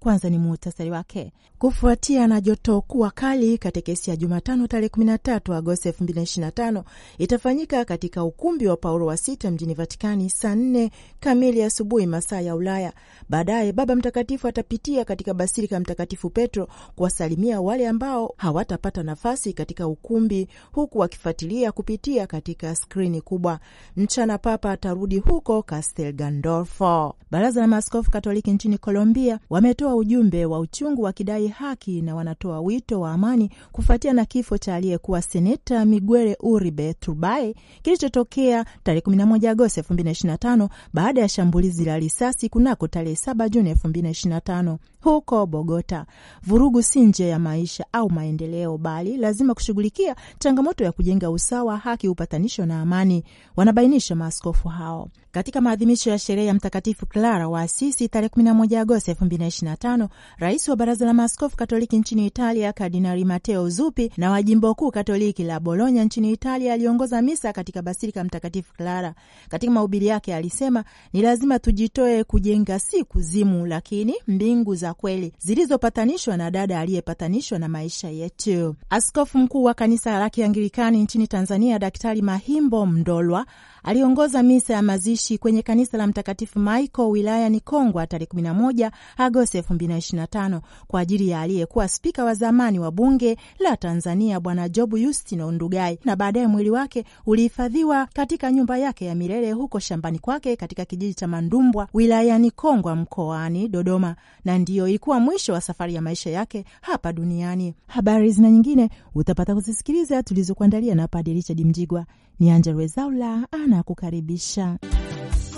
kwanza ni muhtasari wake. Kufuatia na joto kuwa kali, katekesi ya Jumatano tarehe 13 Agosti 2025 itafanyika katika ukumbi wa Paulo wa Sita mjini Vatikani saa 4 kamili asubuhi masaa ya Ulaya. Baadaye Baba Mtakatifu atapitia katika Basilika Mtakatifu Petro kuwasalimia wale ambao hawatapata nafasi katika ukumbi, huku wakifuatilia kupitia katika skrini kubwa. Mchana Papa atarudi huko Castel Gandolfo. Baraza la Maaskofu Katoliki nchini Colombia wametoa wametoa ujumbe wa uchungu wakidai haki na wanatoa wito wa amani kufuatia na kifo cha aliyekuwa seneta Miguel Uribe Turbay kilichotokea tarehe 11 Agosti 2025 baada ya shambulizi la risasi kunako tarehe 7 Juni 2025 huko Bogota. Vurugu si njia ya maisha au maendeleo, bali lazima kushughulikia changamoto ya kujenga usawa, haki, upatanisho na amani, wanabainisha maaskofu hao katika maadhimisho ya sherehe ya Mtakatifu Clara wa Asisi tarehe 11 Agosti 2025. Rais wa Baraza la Maaskofu Katoliki nchini Italia Kardinali Mateo Zuppi na wa jimbo kuu Katoliki la Bologna nchini Italia aliongoza misa katika Basilika Mtakatifu Clara. Katika mahubiri yake alisema, ni lazima tujitoe kujenga si kuzimu, lakini mbingu za kweli zilizopatanishwa na dada aliyepatanishwa na maisha yetu. Askofu mkuu wa kanisa la Kianglikani nchini Tanzania, Daktari Mahimbo mdolwa aliongoza misa ya mazishi kwenye kanisa la Mtakatifu Michael wilayani Kongwa tarehe 11 Agosti 2025 kwa ajili ya aliyekuwa spika wa zamani wa bunge la Tanzania Bwana Jobu Yustino Ndugai, na baadaye mwili wake ulihifadhiwa katika nyumba yake ya milele huko shambani kwake katika kijiji cha Mandumbwa wilayani Kongwa mkoani Dodoma, na ndiyo hiyo ilikuwa mwisho wa safari ya maisha yake hapa duniani. Habari zina nyingine utapata kuzisikiliza tulizokuandalia na Padre Richard Mjigwa. Ni Angella Rwezaula anakukaribisha.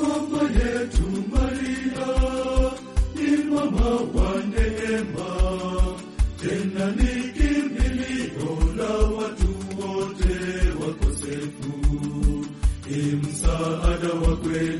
Mama yetu Maria ni mama wa neema, tena ni kimbilio la watu wote wakosefu, ni msaada wa kweli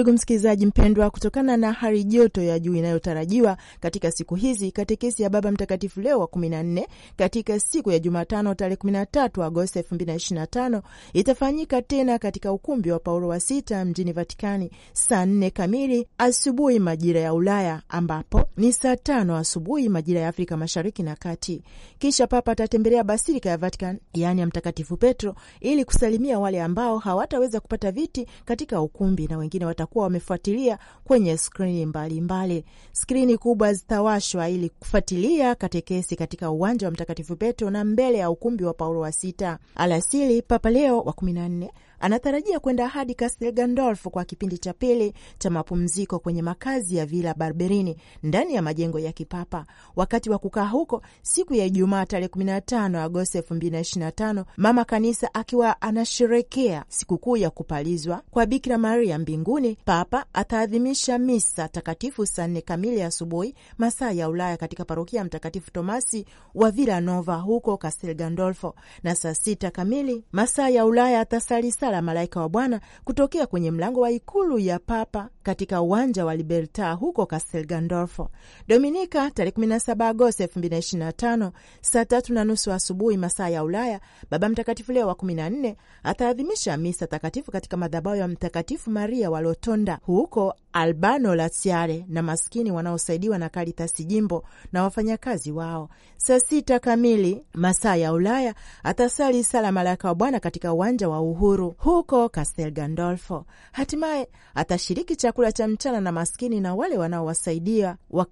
ndugu msikilizaji mpendwa, kutokana na hali joto ya juu inayotarajiwa katika siku hizi, katekesi ya Baba Mtakatifu Leo wa 14 katika siku ya Jumatano tarehe 13 Agosti 2025 itafanyika tena katika ukumbi wa Paulo wa Sita mjini Vatikani saa nne kamili asubuhi majira ya Ulaya, ambapo ni saa tano asubuhi majira ya Afrika Mashariki na Kati. Kisha Papa atatembelea Basilika ya Vatican, yaani ya Mtakatifu Petro, ili kusalimia wale ambao hawataweza kupata viti katika ukumbi na wengine wata watakuwa wamefuatilia kwenye skrini mbalimbali. Skrini kubwa zitawashwa ili kufuatilia katekesi katika uwanja wa Mtakatifu Petro na mbele ya ukumbi wa Paulo wa Sita. Alasiri Papa Leo wa kumi na nne anatarajia kwenda hadi Castel Gandolfo kwa kipindi cha pili cha mapumziko kwenye makazi ya Villa Barberini ndani ya majengo ya kipapa. Wakati wa kukaa huko siku ya Ijumaa tarehe 15 Agosti 2025, mama kanisa akiwa anasherekea sikukuu ya kupalizwa kwa Bikira Maria mbinguni, papa ataadhimisha misa takatifu saa nne kamili asubuhi masaa ya Ulaya katika parokia ya Mtakatifu Tomasi wa Villa Nova huko Castel Gandolfo, na saa sita kamili masaa ya Ulaya atasali la malaika wa Bwana kutokea kwenye mlango wa ikulu ya papa katika uwanja wa Liberta huko Castel Gandolfo, Dominika tarehe 17 Agosti 2025 saa tatu na nusu asubuhi masaa ya Ulaya. Baba Mtakatifu Leo wa 14 ataadhimisha misa takatifu katika madhabahu ya Mtakatifu Maria wa Rotonda huko Albano Laziale na maskini wanaosaidiwa na Karitasi jimbo na wafanyakazi wao. Saa sita kamili masaa ya Ulaya atasali sala malaika wa Bwana katika uwanja wa Uhuru huko Castel Gandolfo. Hatimaye atashiriki chakula cha mchana na maskini na wale wanaowasaidia wa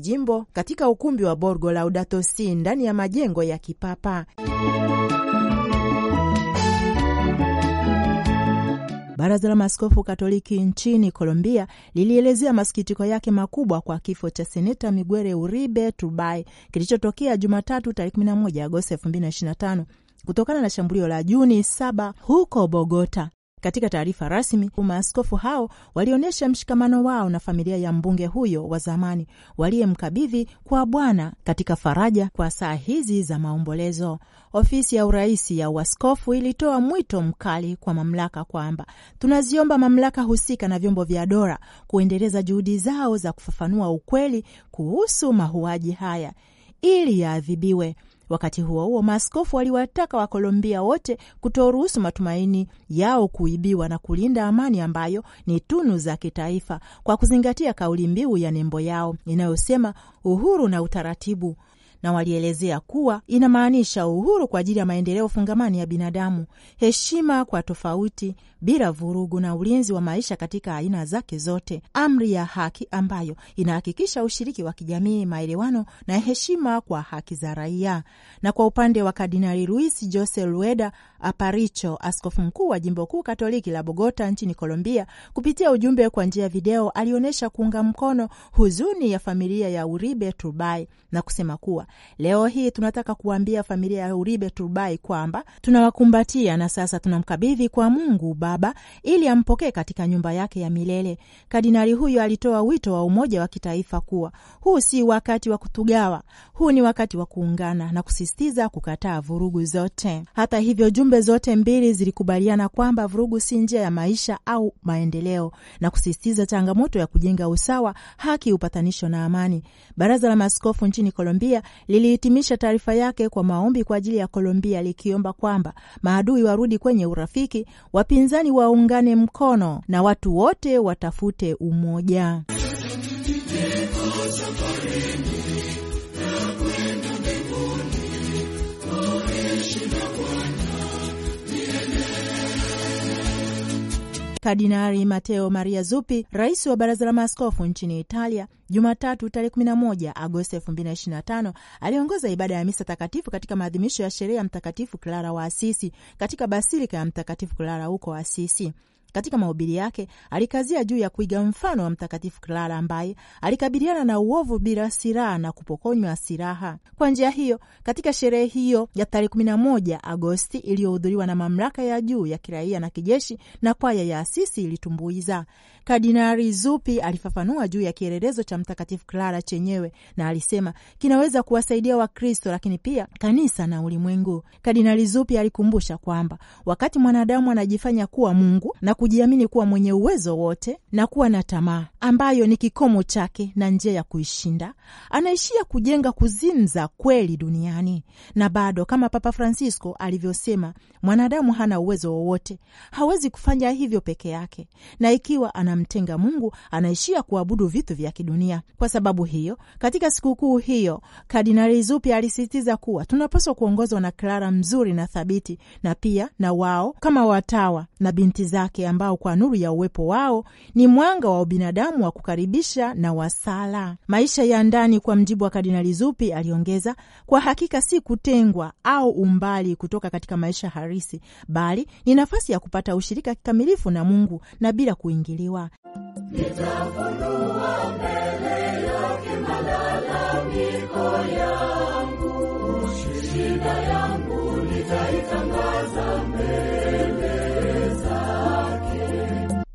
jimbo katika ukumbi wa Borgo Laudato Si ndani ya majengo ya kipapa. Baraza la maskofu Katoliki nchini Colombia lilielezea masikitiko yake makubwa kwa kifo cha seneta Miguel Uribe Turbay kilichotokea Jumatatu tarehe 11 Agosti 2025 kutokana na shambulio la Juni saba huko Bogota. Katika taarifa rasmi, maaskofu hao walionyesha mshikamano wao na familia ya mbunge huyo wa zamani waliyemkabidhi kwa Bwana katika faraja kwa saa hizi za maombolezo. Ofisi ya urais ya uaskofu ilitoa mwito mkali kwa mamlaka kwamba tunaziomba mamlaka husika na vyombo vya dola kuendeleza juhudi zao za kufafanua ukweli kuhusu mauaji haya ili yaadhibiwe. Wakati huo huo, maaskofu waliwataka Wakolombia wote kutoruhusu matumaini yao kuibiwa na kulinda amani ambayo ni tunu za kitaifa, kwa kuzingatia kauli mbiu ya nembo yao inayosema uhuru na utaratibu na walielezea kuwa inamaanisha uhuru kwa ajili ya maendeleo fungamani ya binadamu, heshima kwa tofauti bila vurugu, na ulinzi wa maisha katika aina zake zote, amri ya haki ambayo inahakikisha ushiriki wa kijamii, maelewano na heshima kwa haki za raia. Na kwa upande wa Kardinali Luis Jose lueda Aparicho, askofu mkuu wa jimbo kuu katoliki la Bogota nchini Colombia, kupitia ujumbe kwa njia ya video alionyesha kuunga mkono huzuni ya familia ya Uribe Turbay na kusema kuwa Leo hii tunataka kuambia familia ya Uribe Turbay kwamba tunawakumbatia na sasa tunamkabidhi kwa Mungu Baba ili ampokee katika nyumba yake ya milele. Kardinali huyo alitoa wito wa umoja wa kitaifa kuwa huu si wakati wa kutugawa, huu ni wakati wa kuungana, na kusisitiza kukataa vurugu zote. Hata hivyo, jumbe zote mbili zilikubaliana kwamba vurugu si njia ya maisha au maendeleo, na kusisitiza changamoto ya kujenga usawa, haki, upatanisho na amani. Baraza la maskofu nchini Colombia lilihitimisha taarifa yake kwa maombi kwa ajili ya Kolombia likiomba kwamba maadui warudi kwenye urafiki, wapinzani waungane mkono na watu wote watafute umoja. Kardinari Mateo Maria Zuppi, rais wa baraza la maaskofu nchini Italia, Jumatatu tarehe 11 Agosti 2025 aliongoza ibada ya misa takatifu katika maadhimisho ya sherehe ya Mtakatifu Klara wa Asisi katika basilika ya Mtakatifu Klara huko Asisi. Katika mahubiri yake alikazia juu ya kuiga mfano wa Mtakatifu klara ambaye alikabiliana na uovu bila silaha na kupokonywa silaha. Kwa njia hiyo, katika sherehe hiyo ya tarehe 11 Agosti iliyohudhuriwa na mamlaka ya juu ya kiraia na kijeshi na kwaya ya Asisi ilitumbuiza Kardinari Zuppi alifafanua juu ya kielelezo cha Mtakatifu Clara chenyewe na alisema kinaweza kuwasaidia Wakristo lakini pia kanisa na ulimwengu. Kardinari Zuppi alikumbusha kwamba wakati mwanadamu anajifanya kuwa Mungu na kujiamini kuwa mwenye uwezo wote na kuwa na tamaa ambayo ni kikomo chake na njia ya kuishinda, anaishia kujenga kuzimu za kweli duniani. Na bado kama Papa Francisco alivyosema, mwanadamu hana uwezo wowote, hawezi kufanya hivyo peke yake, na ikiwa ana anamtenga Mungu anaishia kuabudu vitu vya kidunia. Kwa sababu hiyo, katika sikukuu hiyo Kardinali Zuppi alisisitiza kuwa tunapaswa kuongozwa na Klara mzuri na thabiti, na pia na wao kama watawa na binti zake, ambao kwa nuru ya uwepo wao ni mwanga wa ubinadamu wa kukaribisha na wasala. Maisha ya ndani, kwa mjibu wa Kardinali Zuppi, aliongeza, kwa hakika si kutengwa au umbali kutoka katika maisha halisi, bali ni nafasi ya kupata ushirika kikamilifu na Mungu na bila kuingiliwa Mataifa. Nitafunua mbele yake malalamiko ya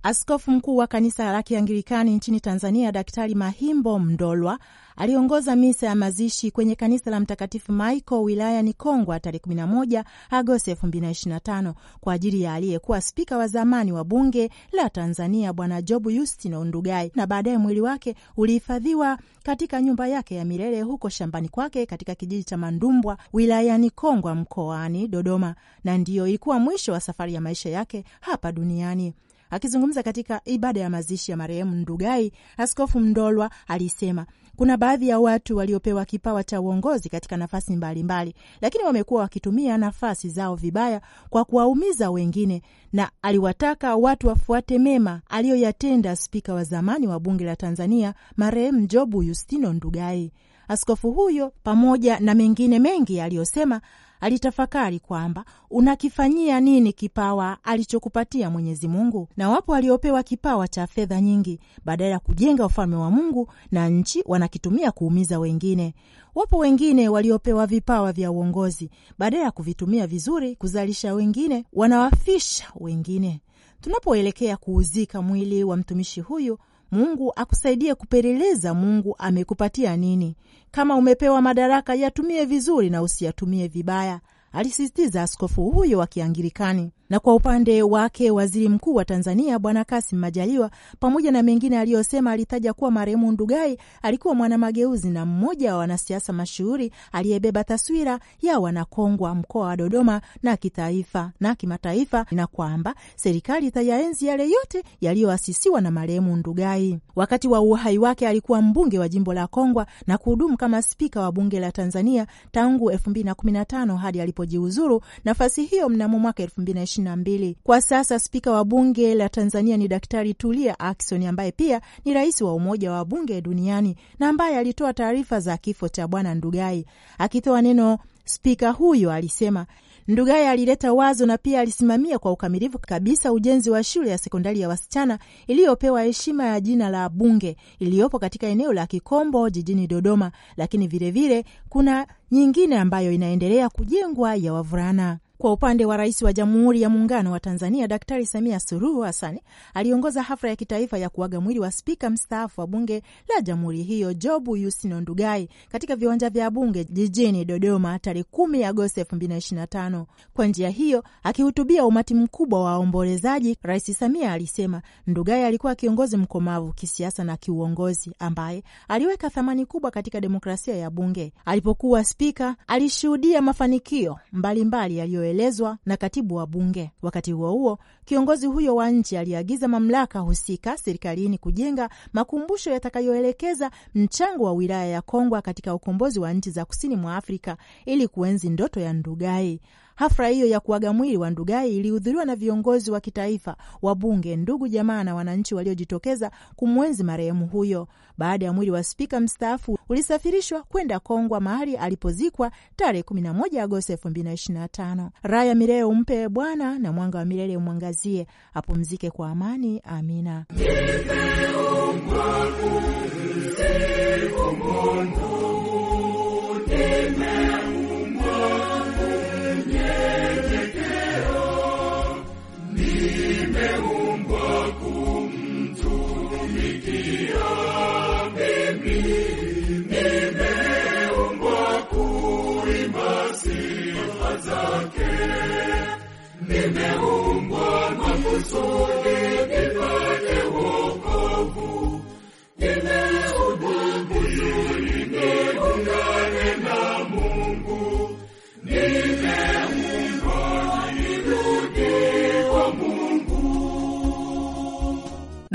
Askofu mkuu wa kanisa la Kianglikani nchini Tanzania, Daktari Mahimbo mdolwa aliongoza misa ya mazishi kwenye kanisa la Mtakatifu Michael wilayani Kongwa tarehe 11 Agosti 2025 kwa ajili ya aliyekuwa spika wa zamani wa bunge la Tanzania Bwana Jobu Yustino Ndugai, na baadaye mwili wake ulihifadhiwa katika nyumba yake ya milele huko shambani kwake katika kijiji cha Mandumbwa wilayani Kongwa mkoani Dodoma, na ndiyo ilikuwa mwisho wa safari ya maisha yake hapa duniani. Akizungumza katika ibada ya mazishi ya marehemu Ndugai, Askofu Mndolwa alisema kuna baadhi ya watu waliopewa kipawa cha uongozi katika nafasi mbalimbali mbali, lakini wamekuwa wakitumia nafasi zao vibaya kwa kuwaumiza wengine, na aliwataka watu wafuate mema aliyoyatenda spika wa zamani wa bunge la Tanzania marehemu Jobu Yustino Ndugai. Askofu huyo pamoja na mengine mengi aliyosema alitafakari kwamba unakifanyia nini kipawa alichokupatia Mwenyezi Mungu. Na wapo waliopewa kipawa cha fedha nyingi, badala ya kujenga ufalme wa Mungu na nchi, wanakitumia kuumiza wengine. Wapo wengine waliopewa vipawa vya uongozi, badala ya kuvitumia vizuri kuzalisha wengine, wanawafisha wengine. Tunapoelekea kuuzika mwili wa mtumishi huyu Mungu akusaidie kupeleleza Mungu amekupatia nini. Kama umepewa madaraka, yatumie vizuri na usiyatumie vibaya alisisitiza askofu huyo wa Kiangirikani. Na kwa upande wake waziri mkuu wa Tanzania Bwana Kasim Majaliwa, pamoja na mengine aliyosema, alitaja kuwa marehemu Ndugai alikuwa mwanamageuzi na mmoja wa wanasiasa mashuhuri aliyebeba taswira ya Wanakongwa mkoa wa Dodoma na kitaifa na kimataifa, na kwamba serikali itayaenzi yale yote yaliyoasisiwa na marehemu Ndugai. Wakati wa uhai wake alikuwa mbunge wa jimbo la Kongwa na kuhudumu kama spika wa bunge la Tanzania tangu 2015 hadi alipo alipojiuzuru nafasi hiyo mnamo mwaka elfu mbili na ishirini na mbili. Kwa sasa spika wa bunge la Tanzania ni Daktari Tulia akson ambaye pia ni rais wa Umoja wa Bunge Duniani na ambaye alitoa taarifa za kifo cha Bwana Ndugai. Akitoa neno spika huyo alisema Ndugai alileta wazo na pia alisimamia kwa ukamilifu kabisa ujenzi wa shule ya sekondari ya wasichana iliyopewa heshima ya jina la Bunge iliyopo katika eneo la Kikombo jijini Dodoma, lakini vilevile kuna nyingine ambayo inaendelea kujengwa ya wavulana. Kwa upande wa Rais wa Jamhuri ya Muungano wa Tanzania Daktari Samia Suluhu Hassan aliongoza hafla ya kitaifa ya kuaga mwili wa spika mstaafu wa Bunge la Jamhuri hiyo jobu Yusino Ndugai katika viwanja vya Bunge jijini Dodoma tarehe 10 Agosti 2025. Kwa njia hiyo, akihutubia umati mkubwa wa waombolezaji, Rais Samia alisema Ndugai alikuwa kiongozi mkomavu kisiasa na kiuongozi ambaye aliweka thamani kubwa katika demokrasia ya Bunge. Alipokuwa spika, alishuhudia mafanikio mbalimbali yaliyo yaliyoelezwa na katibu wa Bunge. Wakati huo huo, kiongozi huyo wa nchi aliagiza mamlaka husika serikalini kujenga makumbusho yatakayoelekeza mchango wa wilaya ya Kongwa katika ukombozi wa nchi za kusini mwa Afrika ili kuenzi ndoto ya Ndugai. Hafla hiyo ya kuaga mwili wa Ndugai ilihudhuriwa na viongozi wa kitaifa, wabunge, ndugu jamaa na wananchi waliojitokeza kumwenzi marehemu huyo. Baada ya mwili wa spika mstaafu ulisafirishwa kwenda Kongwa mahali alipozikwa tarehe 11 Agosti 2025. Raya mileo umpe Bwana na mwanga wa milele umwangazie, apumzike kwa amani. Amina.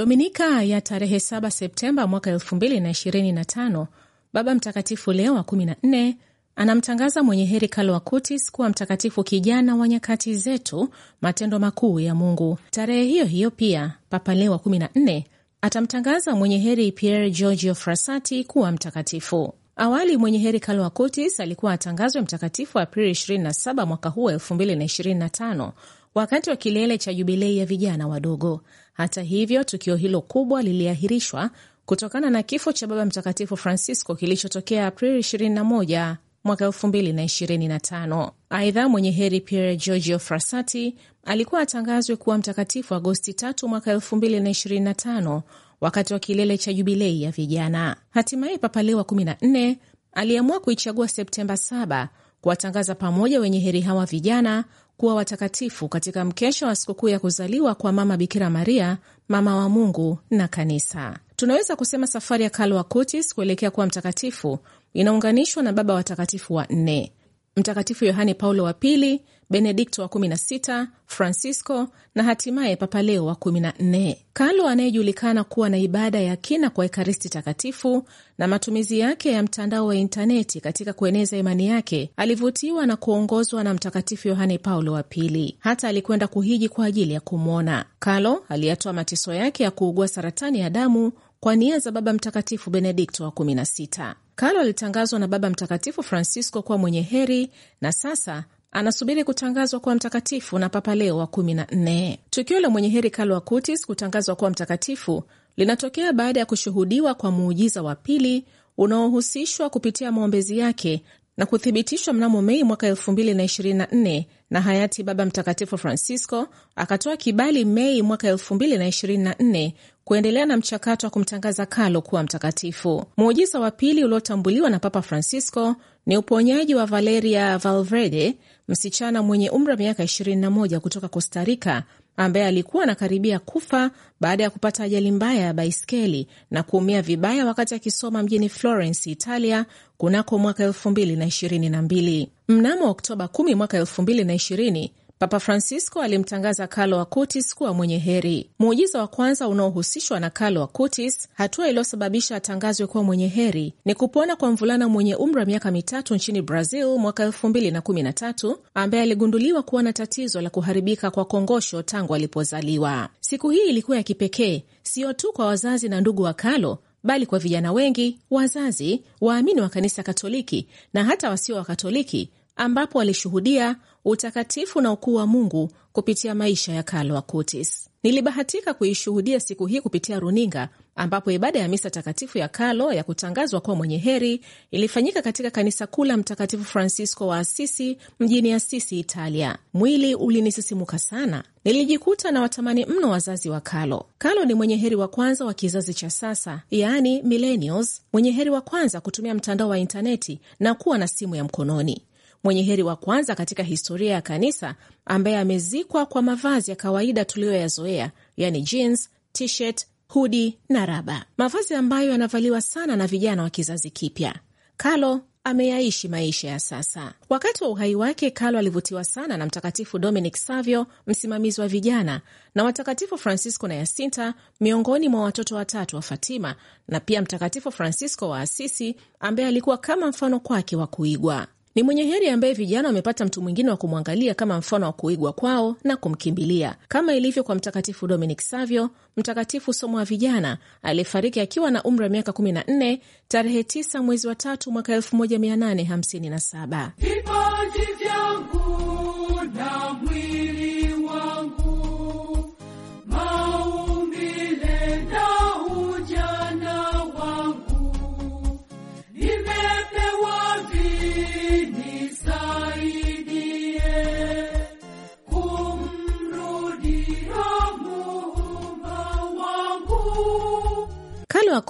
Dominika ya tarehe 7 Septemba mwaka 2025, Baba Mtakatifu Leo wa 14 anamtangaza mwenye heri Carlo Acutis kuwa mtakatifu kijana wa nyakati zetu, matendo makuu ya Mungu. Tarehe hiyo hiyo pia Papa Leo wa 14 atamtangaza mwenye heri Pier Giorgio Frassati kuwa mtakatifu. Awali mwenye heri Carlo Acutis alikuwa atangazwe mtakatifu Aprili 27 mwaka huu 2025 wakati wa kilele cha jubilei ya vijana wadogo. Hata hivyo, tukio hilo kubwa liliahirishwa kutokana na kifo cha Baba Mtakatifu Francisco kilichotokea Aprili 21 mwaka 2025. Aidha, mwenye heri Pier Giorgio Frassati alikuwa atangazwe kuwa mtakatifu Agosti 3 mwaka 2025 wakati wa kilele cha jubilei ya vijana. Hatimaye Papa Leo wa 14 aliamua kuichagua Septemba 7 kuwatangaza pamoja wenye heri hawa vijana kuwa watakatifu katika mkesha wa sikukuu ya kuzaliwa kwa Mama Bikira Maria, mama wa Mungu na Kanisa. Tunaweza kusema safari ya Carlo Acutis kuelekea kuwa mtakatifu inaunganishwa na baba watakatifu wanne Mtakatifu Yohane Paulo wa Pili, Benedikto wa 16, Francisco na hatimaye Papa Leo wa 14. Carlo anayejulikana kuwa na ibada ya kina kwa Ekaristi Takatifu na matumizi yake ya mtandao wa intaneti katika kueneza imani yake, alivutiwa na kuongozwa na Mtakatifu Yohane Paulo wa Pili. Hata alikwenda kuhiji kwa ajili ya kumwona. Carlo aliyatoa mateso yake ya kuugua saratani ya damu kwa nia za Baba Mtakatifu Benedikto wa 16. Carlo alitangazwa na Baba Mtakatifu Francisco kuwa mwenye heri na sasa anasubiri kutangazwa kuwa mtakatifu na Papa Leo wa kumi na nne. Tukio la mwenye heri Carlo Acutis kutangazwa kuwa mtakatifu linatokea baada ya kushuhudiwa kwa muujiza wa pili unaohusishwa kupitia maombezi yake na kuthibitishwa mnamo Mei mwaka 2024 na hayati Baba Mtakatifu Francisco akatoa kibali Mei mwaka 2024 kuendelea na mchakato wa kumtangaza Carlo kuwa mtakatifu. Muujiza wa pili uliotambuliwa na Papa Francisco ni uponyaji wa Valeria Valverde msichana mwenye umri wa miaka 21 kutoka Costa Rica ambaye alikuwa anakaribia kufa baada ya kupata ajali mbaya ya baiskeli na kuumia vibaya wakati akisoma mjini Florence, Italia kunako mwaka mbili. Mnamo Oktoba kumi mwaka ishirini, Papa Francisco alimtangaza Carlo Acutis kuwa mwenye heri, muujiza wa kwanza unaohusishwa na Carlo Acutis. Hatua iliyosababisha atangazwe kuwa mwenye heri ni kupona kwa mvulana mwenye umri wa miaka mitatu nchini Brazil mwaka 2013 ambaye aligunduliwa kuwa na tatizo la kuharibika kwa kongosho tangu alipozaliwa. Siku hii ilikuwa ya kipekee sio tu kwa wazazi na ndugu wa Carlo bali kwa vijana wengi, wazazi, waamini wa kanisa Katoliki na hata wasio wa Katoliki, ambapo walishuhudia utakatifu na ukuu wa Mungu kupitia maisha ya Carlo Acutis. Nilibahatika kuishuhudia siku hii kupitia runinga, ambapo ibada ya misa takatifu ya Carlo ya kutangazwa kuwa mwenye heri ilifanyika katika kanisa kuu la Mtakatifu Francisco wa Asisi mjini Asisi, Italia. Mwili ulinisisimuka sana, nilijikuta na watamani mno wazazi wa Carlo. Carlo ni mwenye heri wa kwanza wa kizazi cha sasa, yaani millennials, mwenye heri wa kwanza kutumia mtandao wa intaneti na kuwa na simu ya mkononi mwenye heri wa kwanza katika historia ya kanisa ambaye amezikwa kwa mavazi ya kawaida tuliyoyazoea, yani jeans, t-shirt, hudi na raba, mavazi ambayo yanavaliwa sana na vijana wa kizazi kipya. Carlo ameyaishi maisha ya sasa. Wakati wa uhai wake, Carlo alivutiwa sana na Mtakatifu Dominic Savio, msimamizi wa vijana, na watakatifu Francisco na Yasinta, miongoni mwa watoto watatu wa Fatima, na pia Mtakatifu Francisco wa Asisi, ambaye alikuwa kama mfano kwake wa kuigwa. Ni mwenye heri ambaye vijana wamepata mtu mwingine wa kumwangalia kama mfano wa kuigwa kwao na kumkimbilia, kama ilivyo kwa Mtakatifu Dominic Savio, mtakatifu somo wa vijana aliyefariki akiwa na umri wa miaka 14 tarehe 9 mwezi wa tatu mwaka 1857.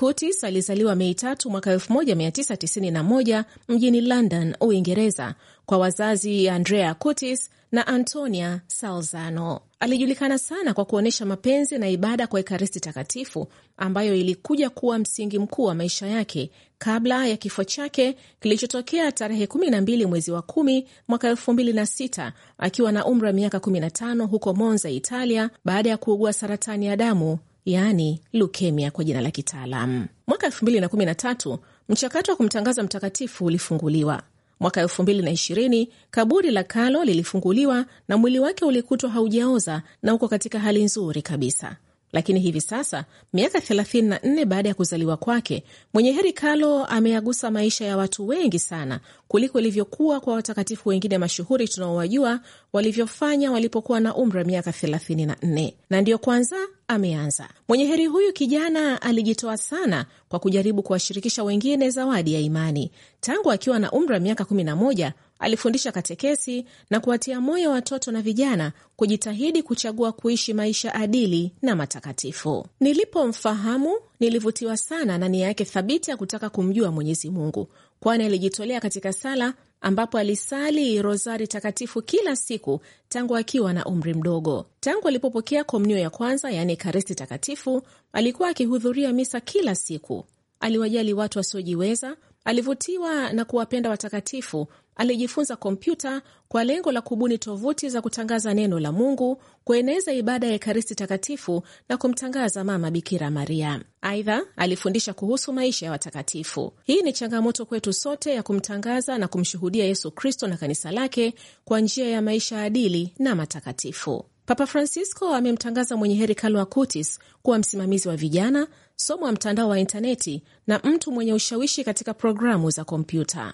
Curtis alizaliwa Mei tatu mwaka 1991 mjini London, Uingereza, kwa wazazi Andrea Curtis na Antonia Salzano. Alijulikana sana kwa kuonyesha mapenzi na ibada kwa Ekaristi Takatifu, ambayo ilikuja kuwa msingi mkuu wa maisha yake kabla ya kifo chake kilichotokea tarehe 12 mwezi wa 10 mwaka 2006 akiwa na umri wa miaka 15 huko Monza, Italia, baada ya kuugua saratani ya damu yaani lukemia kwa jina la kitaalamu. Mwaka 2013 mchakato wa kumtangaza mtakatifu ulifunguliwa. Mwaka 2020 kaburi la Carlo lilifunguliwa na mwili wake ulikutwa haujaoza na uko katika hali nzuri kabisa. Lakini hivi sasa miaka 34 baada ya kuzaliwa kwake, mwenye heri carlo ameyagusa maisha ya watu wengi sana kuliko ilivyokuwa kwa watakatifu wengine mashuhuri tunaowajua walivyofanya walipokuwa na umri wa miaka 34. Na ndiyo kwanza ameanza. Mwenye heri huyu kijana alijitoa sana kwa kujaribu kuwashirikisha wengine zawadi ya imani tangu akiwa na umri wa miaka 11. Alifundisha katekesi na kuwatia moyo watoto na vijana kujitahidi kuchagua kuishi maisha adili na matakatifu. Nilipomfahamu nilivutiwa sana na nia yake thabiti ya kutaka kumjua Mwenyezi Mungu, kwani alijitolea katika sala ambapo alisali rosari takatifu kila siku tangu akiwa na umri mdogo. Tangu alipopokea komunio ya kwanza, yaani karisti takatifu, alikuwa akihudhuria misa kila siku. Aliwajali watu wasiojiweza, alivutiwa na kuwapenda watakatifu alijifunza kompyuta kwa lengo la kubuni tovuti za kutangaza neno la Mungu, kueneza ibada ya Ekaristi Takatifu na kumtangaza Mama Bikira Maria. Aidha, alifundisha kuhusu maisha ya watakatifu. Hii ni changamoto kwetu sote ya kumtangaza na kumshuhudia Yesu Kristo na kanisa lake kwa njia ya maisha adili na matakatifu. Papa Francisco amemtangaza mwenye heri Carlo Acutis kuwa msimamizi wa vijana, somo wa mtandao wa intaneti na mtu mwenye ushawishi katika programu za kompyuta.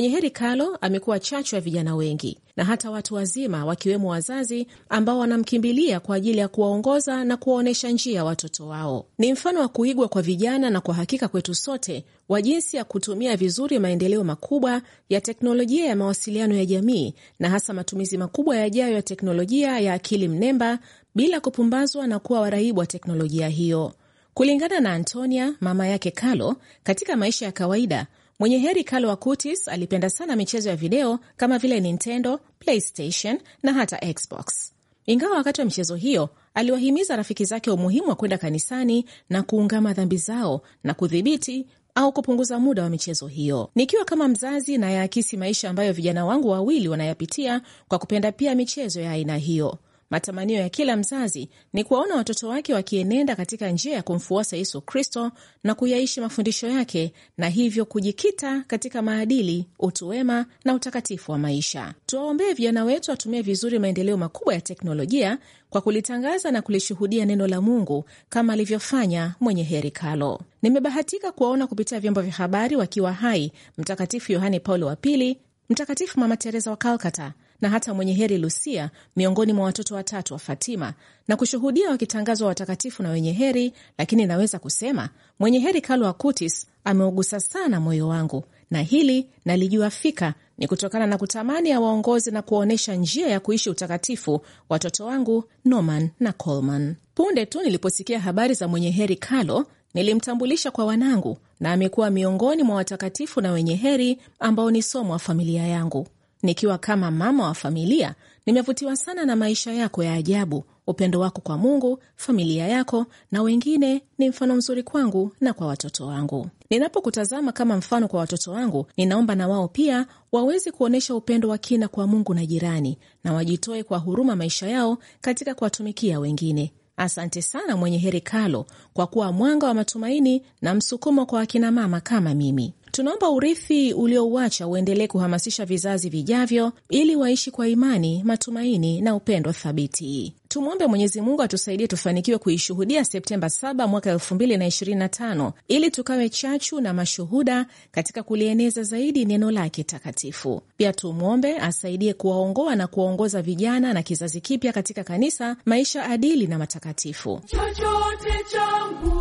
Mwenye heri Kalo amekuwa chachu ya vijana wengi na hata watu wazima, wakiwemo wazazi ambao wanamkimbilia kwa ajili ya kuwaongoza na kuwaonyesha njia watoto wao. Ni mfano wa kuigwa kwa vijana na kwa hakika kwetu sote wa jinsi ya kutumia vizuri maendeleo makubwa ya teknolojia ya mawasiliano ya jamii na hasa matumizi makubwa yajayo ya teknolojia ya akili mnemba bila kupumbazwa na kuwa waraibu wa teknolojia hiyo. Kulingana na Antonia, mama yake Kalo, katika maisha ya kawaida Mwenye heri Carlo Kutis alipenda sana michezo ya video kama vile Nintendo, PlayStation na hata Xbox. Ingawa wakati wa michezo hiyo aliwahimiza rafiki zake umuhimu wa kwenda kanisani na kuungama dhambi zao na kudhibiti au kupunguza muda wa michezo hiyo. Nikiwa kama mzazi na yaakisi maisha ambayo vijana wangu wawili wanayapitia kwa kupenda pia michezo ya aina hiyo. Matamanio ya kila mzazi ni kuwaona watoto wake wakienenda katika njia ya kumfuasa Yesu Kristo na kuyaishi mafundisho yake na hivyo kujikita katika maadili, utu wema na utakatifu wa maisha. Tuwaombee vijana wetu watumie vizuri maendeleo makubwa ya teknolojia kwa kulitangaza na kulishuhudia neno la Mungu kama alivyofanya mwenye heri kalo Nimebahatika kuwaona kupitia vyombo vya habari wakiwa hai Mtakatifu Yohane Paulo wa Pili, Mtakatifu Mama Teresa wa Kalkata na hata mwenye heri Lucia miongoni mwa watoto watatu wa Fatima na kushuhudia wakitangazwa watakatifu na wenye heri, lakini naweza kusema mwenye heri Carlo Acutis ameugusa sana moyo wangu, na hili nalijua fika ni kutokana na kutamani awaongoze na kuwaonyesha njia ya kuishi utakatifu watoto wangu Norman na Coleman. Punde tu niliposikia habari za mwenye heri Carlo nilimtambulisha kwa wanangu, na amekuwa miongoni mwa watakatifu na wenye heri ambao ni somo wa familia yangu. Nikiwa kama mama wa familia, nimevutiwa sana na maisha yako ya ajabu. Upendo wako kwa Mungu, familia yako na wengine ni mfano mzuri kwangu na kwa watoto wangu. Ninapokutazama kama mfano kwa watoto wangu, ninaomba na wao pia waweze kuonyesha upendo wa kina kwa Mungu na jirani, na wajitoe kwa huruma maisha yao katika kuwatumikia wengine. Asante sana Mwenye Heri Kalo kwa kuwa mwanga wa matumaini na msukumo kwa wakinamama kama mimi. Tunaomba urithi uliouacha uendelee kuhamasisha vizazi vijavyo ili waishi kwa imani, matumaini na upendo thabiti. Tumwombe Mwenyezi Mungu atusaidie tufanikiwe kuishuhudia Septemba 7 mwaka 2025 ili tukawe chachu na mashuhuda katika kulieneza zaidi neno lake takatifu. Pia tumwombe asaidie kuwaongoa na kuwaongoza vijana na kizazi kipya katika kanisa, maisha adili na matakatifu. Chochote changu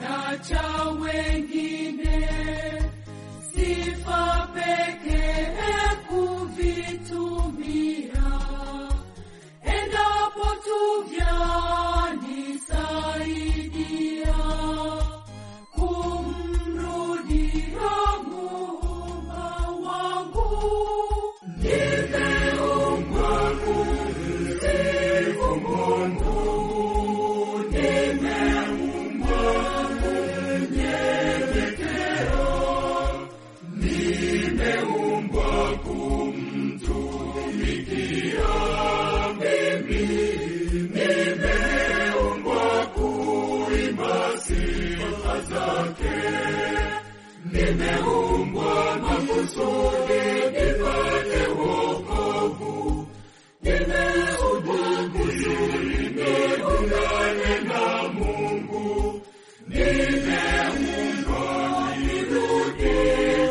na chawe makusudi wokovu, kusudi niungane na Mungu, nirudi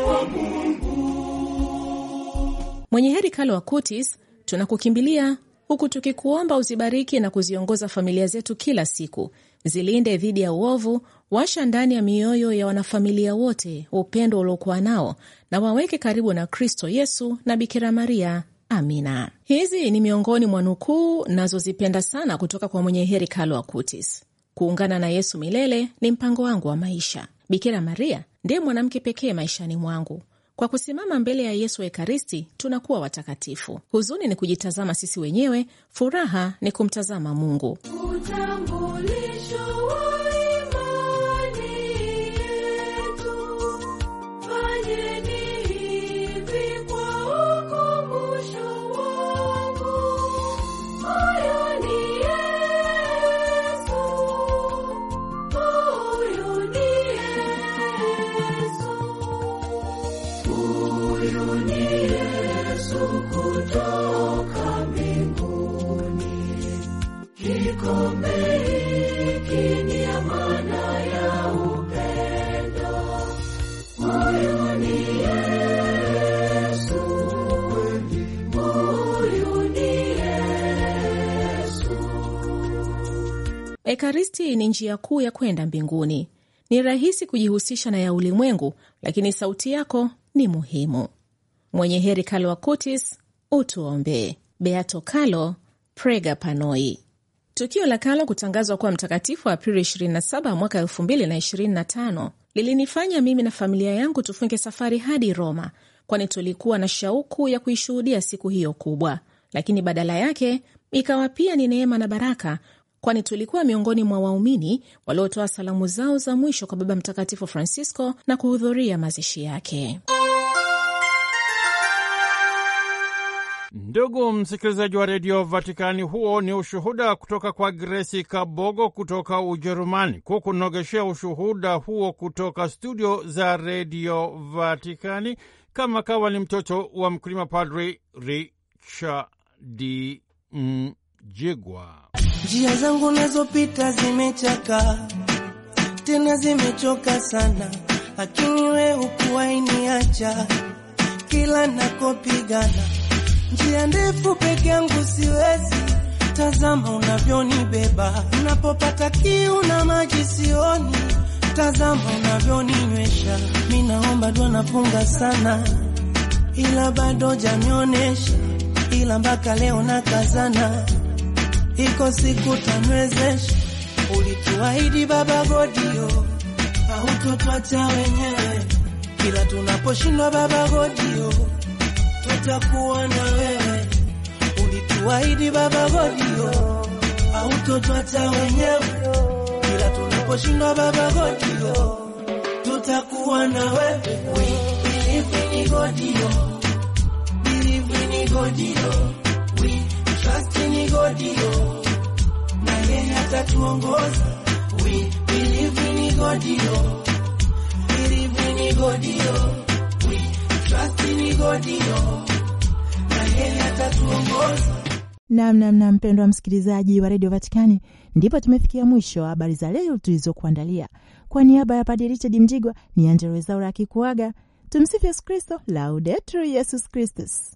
kwa Mungu. Mwenye heri Kala wa Kutis, tunakukimbilia huku tukikuomba uzibariki na kuziongoza familia zetu kila siku, zilinde dhidi ya uovu, washa ndani ya mioyo ya wanafamilia wote upendo uliokuwa nao, na waweke karibu na Kristo Yesu na Bikira Maria. Amina. Hizi ni miongoni mwa nukuu nazozipenda sana kutoka kwa mwenye heri Carlo Acutis. Kuungana na Yesu milele ni mpango wangu wa maisha. Bikira Maria ndiye mwanamke pekee maishani mwangu. Kwa kusimama mbele ya Yesu wa Ekaristi tunakuwa watakatifu. Huzuni ni kujitazama sisi wenyewe, furaha ni kumtazama Mungu. Utambulisho Ekaristi ni njia kuu ya kwenda mbinguni. Ni rahisi kujihusisha na ya ulimwengu, lakini sauti yako ni muhimu. Mwenye heri Carlo Acutis, utuombee. Beato Carlo, prega panoi. Tukio la Carlo kutangazwa kuwa mtakatifu Aprili 27 mwaka 2025 lilinifanya mimi na familia yangu tufunge safari hadi Roma, kwani tulikuwa na shauku ya kuishuhudia siku hiyo kubwa, lakini badala yake ikawa pia ni neema na baraka kwani tulikuwa miongoni mwa waumini waliotoa salamu zao za mwisho kwa Baba Mtakatifu Francisco na kuhudhuria mazishi yake. Ndugu msikilizaji wa redio Vatikani, huo ni ushuhuda kutoka kwa Gresi Kabogo kutoka Ujerumani. Kukunogeshea ushuhuda huo kutoka studio za redio Vatikani, kama kawa ni mtoto wa mkulima, Padri Richard Mjigwa. Njia zangu nazopita zimechaka tena zimechoka sana, lakini we hukuwahi niacha kila nakopigana. Njia ndefu peke yangu siwezi, tazama unavyonibeba. Unapopata kiu na maji sioni, tazama unavyoninywesha. Mi naomba dua, nafunga sana, ila bado janionyesha, ila mpaka leo nakazana iko siku tamwezesha. Ulituahidi Baba Godio, hautotwacha wenyewe. Kila tunaposhindwa Baba Godio, tutakuwa na wewe. Ulituahidi Baba Godio, hautotwacha wenyewe. Kila tunaposhindwa Baba Godio, tutakuwa na wewe. We believe in Godio, believe in Godio Justin Godio na yeye atatuongoza. We believe in Godio, believe in Godio. We trust in Godio na yeye atatuongoza. Namnamna mpendo wa msikilizaji wa redio Vatikani, ndipo tumefikia mwisho wa habari za leo tulizokuandalia. Kwa niaba ya Padre Richard Mjigwa ni Angelo Wezaura akikuaga. Tumsifu Yesu Kristo, Laudetur Yesus Kristus.